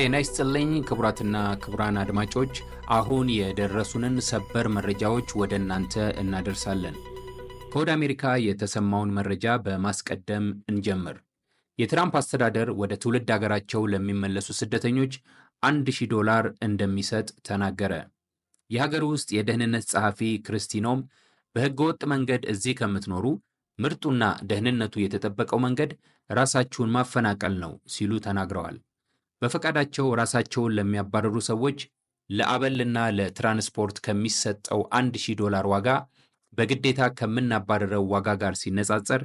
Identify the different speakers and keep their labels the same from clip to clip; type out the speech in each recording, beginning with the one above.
Speaker 1: ጤና ይስጥልኝ ክቡራትና ክቡራን አድማጮች፣ አሁን የደረሱንን ሰበር መረጃዎች ወደ እናንተ እናደርሳለን። ከወደ አሜሪካ የተሰማውን መረጃ በማስቀደም እንጀምር። የትራምፕ አስተዳደር ወደ ትውልድ አገራቸው ለሚመለሱ ስደተኞች አንድ ዶላር እንደሚሰጥ ተናገረ። የሀገር ውስጥ የደህንነት ጸሐፊ ክርስቲኖም ወጥ መንገድ እዚህ ከምትኖሩ ምርጡና ደህንነቱ የተጠበቀው መንገድ ራሳችሁን ማፈናቀል ነው ሲሉ ተናግረዋል። በፈቃዳቸው ራሳቸውን ለሚያባረሩ ሰዎች ለአበልና ለትራንስፖርት ከሚሰጠው አንድ ሺህ ዶላር ዋጋ በግዴታ ከምናባረረው ዋጋ ጋር ሲነጻጸር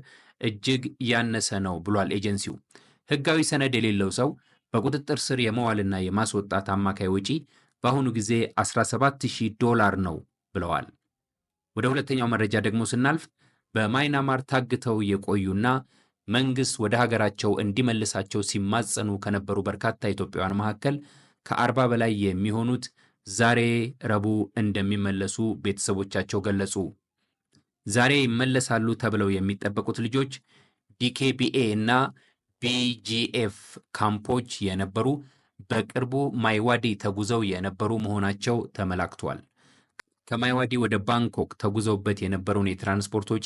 Speaker 1: እጅግ ያነሰ ነው ብሏል ኤጀንሲው። ሕጋዊ ሰነድ የሌለው ሰው በቁጥጥር ስር የመዋልና የማስወጣት አማካይ ወጪ በአሁኑ ጊዜ 17000 ዶላር ነው ብለዋል። ወደ ሁለተኛው መረጃ ደግሞ ስናልፍ በማይናማር ታግተው የቆዩና መንግሥት ወደ ሀገራቸው እንዲመልሳቸው ሲማጸኑ ከነበሩ በርካታ ኢትዮጵያውያን መካከል ከአርባ በላይ የሚሆኑት ዛሬ ረቡዕ እንደሚመለሱ ቤተሰቦቻቸው ገለጹ። ዛሬ ይመለሳሉ ተብለው የሚጠበቁት ልጆች ዲኬቢኤ እና ቢጂኤፍ ካምፖች የነበሩ በቅርቡ ማይዋዲ ተጉዘው የነበሩ መሆናቸው ተመላክቷል። ከማይዋዲ ወደ ባንኮክ ተጉዘውበት የነበረውን የትራንስፖርት ወጪ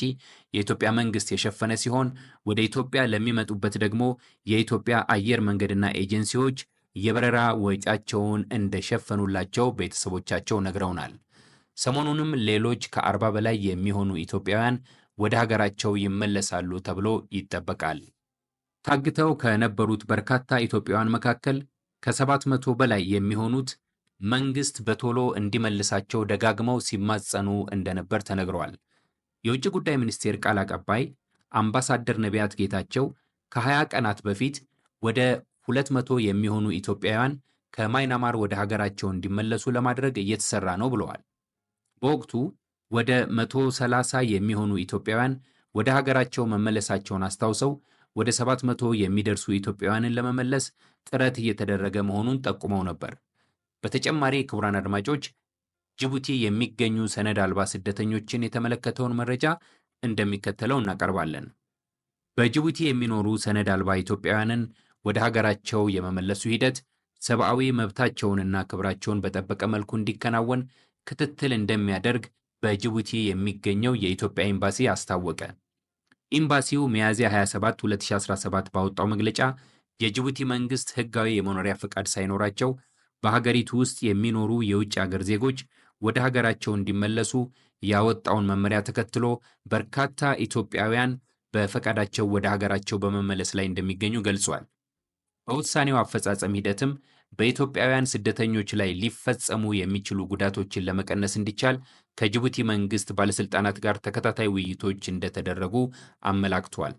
Speaker 1: የኢትዮጵያ መንግስት የሸፈነ ሲሆን ወደ ኢትዮጵያ ለሚመጡበት ደግሞ የኢትዮጵያ አየር መንገድና ኤጀንሲዎች የበረራ ወጪያቸውን እንደሸፈኑላቸው ቤተሰቦቻቸው ነግረውናል። ሰሞኑንም ሌሎች ከአርባ በላይ የሚሆኑ ኢትዮጵያውያን ወደ ሀገራቸው ይመለሳሉ ተብሎ ይጠበቃል። ታግተው ከነበሩት በርካታ ኢትዮጵያውያን መካከል ከሰባት መቶ በላይ የሚሆኑት መንግስት በቶሎ እንዲመልሳቸው ደጋግመው ሲማጸኑ እንደነበር ተነግሯል። የውጭ ጉዳይ ሚኒስቴር ቃል አቀባይ አምባሳደር ነቢያት ጌታቸው ከ20 ቀናት በፊት ወደ 200 የሚሆኑ ኢትዮጵያውያን ከማይናማር ወደ ሀገራቸው እንዲመለሱ ለማድረግ እየተሰራ ነው ብለዋል። በወቅቱ ወደ 130 የሚሆኑ ኢትዮጵያውያን ወደ ሀገራቸው መመለሳቸውን አስታውሰው ወደ 700 የሚደርሱ ኢትዮጵያውያንን ለመመለስ ጥረት እየተደረገ መሆኑን ጠቁመው ነበር። በተጨማሪ ክቡራን አድማጮች ጅቡቲ የሚገኙ ሰነድ አልባ ስደተኞችን የተመለከተውን መረጃ እንደሚከተለው እናቀርባለን። በጅቡቲ የሚኖሩ ሰነድ አልባ ኢትዮጵያውያንን ወደ ሀገራቸው የመመለሱ ሂደት ሰብአዊ መብታቸውንና ክብራቸውን በጠበቀ መልኩ እንዲከናወን ክትትል እንደሚያደርግ በጅቡቲ የሚገኘው የኢትዮጵያ ኤምባሲ አስታወቀ። ኤምባሲው ሚያዝያ 27 2017 ባወጣው መግለጫ የጅቡቲ መንግሥት ሕጋዊ የመኖሪያ ፈቃድ ሳይኖራቸው በሀገሪቱ ውስጥ የሚኖሩ የውጭ አገር ዜጎች ወደ ሀገራቸው እንዲመለሱ ያወጣውን መመሪያ ተከትሎ በርካታ ኢትዮጵያውያን በፈቃዳቸው ወደ ሀገራቸው በመመለስ ላይ እንደሚገኙ ገልጿል። በውሳኔው አፈጻጸም ሂደትም በኢትዮጵያውያን ስደተኞች ላይ ሊፈጸሙ የሚችሉ ጉዳቶችን ለመቀነስ እንዲቻል ከጅቡቲ መንግስት ባለሥልጣናት ጋር ተከታታይ ውይይቶች እንደተደረጉ አመላክቷል።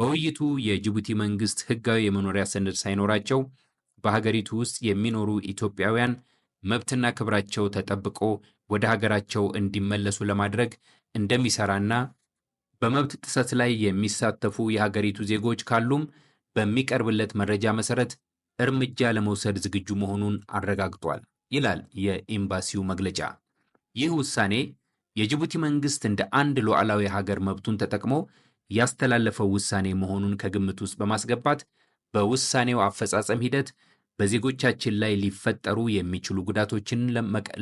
Speaker 1: በውይይቱ የጅቡቲ መንግስት ሕጋዊ የመኖሪያ ሰነድ ሳይኖራቸው በሀገሪቱ ውስጥ የሚኖሩ ኢትዮጵያውያን መብትና ክብራቸው ተጠብቆ ወደ ሀገራቸው እንዲመለሱ ለማድረግ እንደሚሰራና በመብት ጥሰት ላይ የሚሳተፉ የሀገሪቱ ዜጎች ካሉም በሚቀርብለት መረጃ መሰረት እርምጃ ለመውሰድ ዝግጁ መሆኑን አረጋግጧል ይላል የኤምባሲው መግለጫ። ይህ ውሳኔ የጅቡቲ መንግስት እንደ አንድ ሉዓላዊ ሀገር መብቱን ተጠቅሞ ያስተላለፈው ውሳኔ መሆኑን ከግምት ውስጥ በማስገባት በውሳኔው አፈጻጸም ሂደት በዜጎቻችን ላይ ሊፈጠሩ የሚችሉ ጉዳቶችን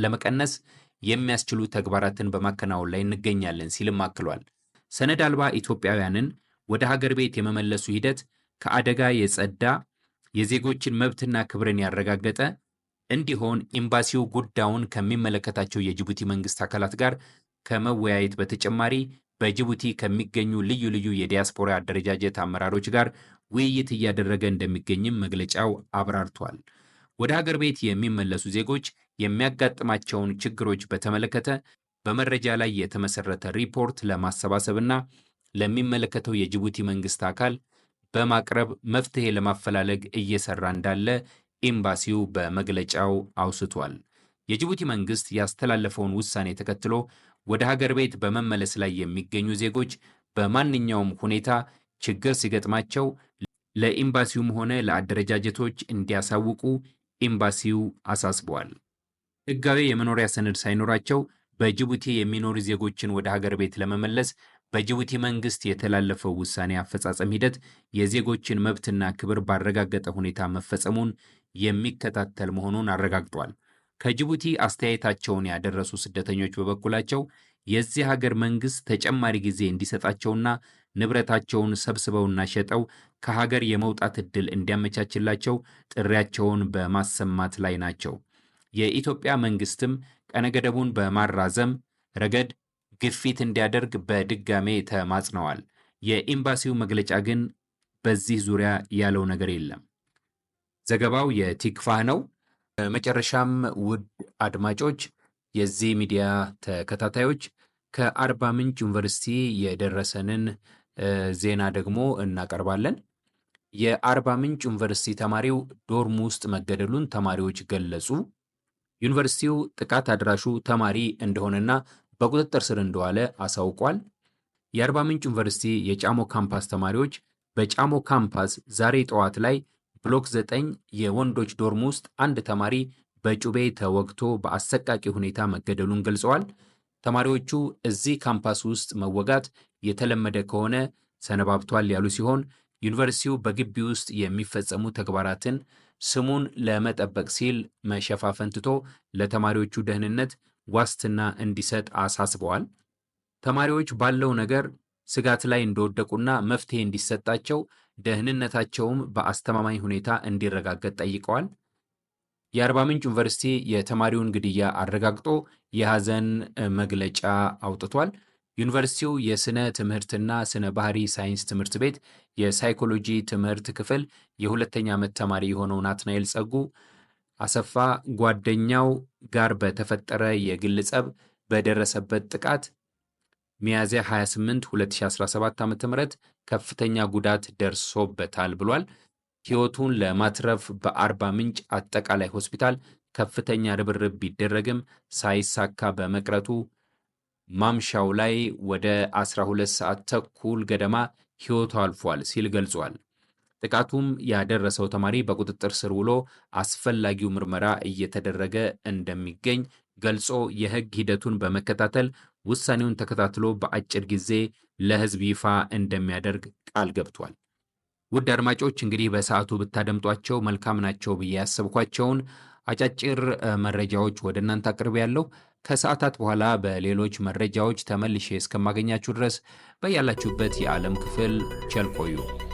Speaker 1: ለመቀነስ የሚያስችሉ ተግባራትን በማከናወን ላይ እንገኛለን ሲልም አክሏል። ሰነድ አልባ ኢትዮጵያውያንን ወደ ሀገር ቤት የመመለሱ ሂደት ከአደጋ የጸዳ የዜጎችን መብትና ክብርን ያረጋገጠ እንዲሆን ኤምባሲው ጉዳዩን ከሚመለከታቸው የጅቡቲ መንግስት አካላት ጋር ከመወያየት በተጨማሪ በጅቡቲ ከሚገኙ ልዩ ልዩ የዲያስፖራ አደረጃጀት አመራሮች ጋር ውይይት እያደረገ እንደሚገኝም መግለጫው አብራርቷል። ወደ ሀገር ቤት የሚመለሱ ዜጎች የሚያጋጥማቸውን ችግሮች በተመለከተ በመረጃ ላይ የተመሰረተ ሪፖርት ለማሰባሰብና ለሚመለከተው የጅቡቲ መንግስት አካል በማቅረብ መፍትሄ ለማፈላለግ እየሰራ እንዳለ ኤምባሲው በመግለጫው አውስቷል። የጅቡቲ መንግስት ያስተላለፈውን ውሳኔ ተከትሎ ወደ ሀገር ቤት በመመለስ ላይ የሚገኙ ዜጎች በማንኛውም ሁኔታ ችግር ሲገጥማቸው ለኤምባሲውም ሆነ ለአደረጃጀቶች እንዲያሳውቁ ኤምባሲው አሳስበዋል። ሕጋዊ የመኖሪያ ሰነድ ሳይኖራቸው በጅቡቲ የሚኖሩ ዜጎችን ወደ ሀገር ቤት ለመመለስ በጅቡቲ መንግስት የተላለፈው ውሳኔ አፈጻጸም ሂደት የዜጎችን መብትና ክብር ባረጋገጠ ሁኔታ መፈጸሙን የሚከታተል መሆኑን አረጋግጧል። ከጅቡቲ አስተያየታቸውን ያደረሱ ስደተኞች በበኩላቸው የዚህ ሀገር መንግስት ተጨማሪ ጊዜ እንዲሰጣቸውና ንብረታቸውን ሰብስበውና ሸጠው ከሀገር የመውጣት ዕድል እንዲያመቻችላቸው ጥሪያቸውን በማሰማት ላይ ናቸው። የኢትዮጵያ መንግስትም ቀነገደቡን በማራዘም ረገድ ግፊት እንዲያደርግ በድጋሜ ተማጽነዋል። የኤምባሲው መግለጫ ግን በዚህ ዙሪያ ያለው ነገር የለም። ዘገባው የቲክፋህ ነው። በመጨረሻም ውድ አድማጮች፣ የዚህ ሚዲያ ተከታታዮች ከአርባ ምንጭ ዩኒቨርሲቲ የደረሰንን ዜና ደግሞ እናቀርባለን። የአርባ ምንጭ ዩኒቨርሲቲ ተማሪው ዶርም ውስጥ መገደሉን ተማሪዎች ገለጹ። ዩኒቨርሲቲው ጥቃት አድራሹ ተማሪ እንደሆነና በቁጥጥር ስር እንደዋለ አሳውቋል። የአርባ ምንጭ ዩኒቨርሲቲ የጫሞ ካምፓስ ተማሪዎች በጫሞ ካምፓስ ዛሬ ጠዋት ላይ ብሎክ 9 የወንዶች ዶርም ውስጥ አንድ ተማሪ በጩቤ ተወግቶ በአሰቃቂ ሁኔታ መገደሉን ገልጸዋል። ተማሪዎቹ እዚህ ካምፓስ ውስጥ መወጋት የተለመደ ከሆነ ሰነባብቷል ያሉ ሲሆን ዩኒቨርሲቲው በግቢ ውስጥ የሚፈጸሙ ተግባራትን ስሙን ለመጠበቅ ሲል መሸፋፈን ትቶ ለተማሪዎቹ ደህንነት ዋስትና እንዲሰጥ አሳስበዋል። ተማሪዎች ባለው ነገር ስጋት ላይ እንደወደቁና መፍትሄ እንዲሰጣቸው ደህንነታቸውም በአስተማማኝ ሁኔታ እንዲረጋገጥ ጠይቀዋል። የአርባ ምንጭ ዩኒቨርሲቲ የተማሪውን ግድያ አረጋግጦ የሐዘን መግለጫ አውጥቷል። ዩኒቨርሲቲው የሥነ ትምህርትና ሥነ ባህሪ ሳይንስ ትምህርት ቤት የሳይኮሎጂ ትምህርት ክፍል የሁለተኛ ዓመት ተማሪ የሆነው ናትናኤል ጸጉ አሰፋ ጓደኛው ጋር በተፈጠረ የግል ጸብ በደረሰበት ጥቃት ሚያዝያ 28 2017 ዓ ም ከፍተኛ ጉዳት ደርሶበታል ብሏል። ሕይወቱን ለማትረፍ በአርባ ምንጭ አጠቃላይ ሆስፒታል ከፍተኛ ርብርብ ቢደረግም ሳይሳካ በመቅረቱ ማምሻው ላይ ወደ 12 ሰዓት ተኩል ገደማ ሕይወቱ አልፏል ሲል ገልጿል። ጥቃቱም ያደረሰው ተማሪ በቁጥጥር ስር ውሎ አስፈላጊው ምርመራ እየተደረገ እንደሚገኝ ገልጾ የሕግ ሂደቱን በመከታተል ውሳኔውን ተከታትሎ በአጭር ጊዜ ለሕዝብ ይፋ እንደሚያደርግ ቃል ገብቷል። ውድ አድማጮች እንግዲህ በሰዓቱ ብታደምጧቸው መልካም ናቸው ብዬ ያሰብኳቸውን አጫጭር መረጃዎች ወደ እናንተ አቅርቤ ያለሁ ከሰዓታት በኋላ በሌሎች መረጃዎች ተመልሼ እስከማገኛችሁ ድረስ በያላችሁበት የዓለም ክፍል ቸልቆዩ። ቆዩ።